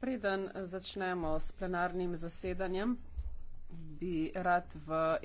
preden začnemo s plenarnim zasedanjem bi rad v imenu poslanske skupine efdd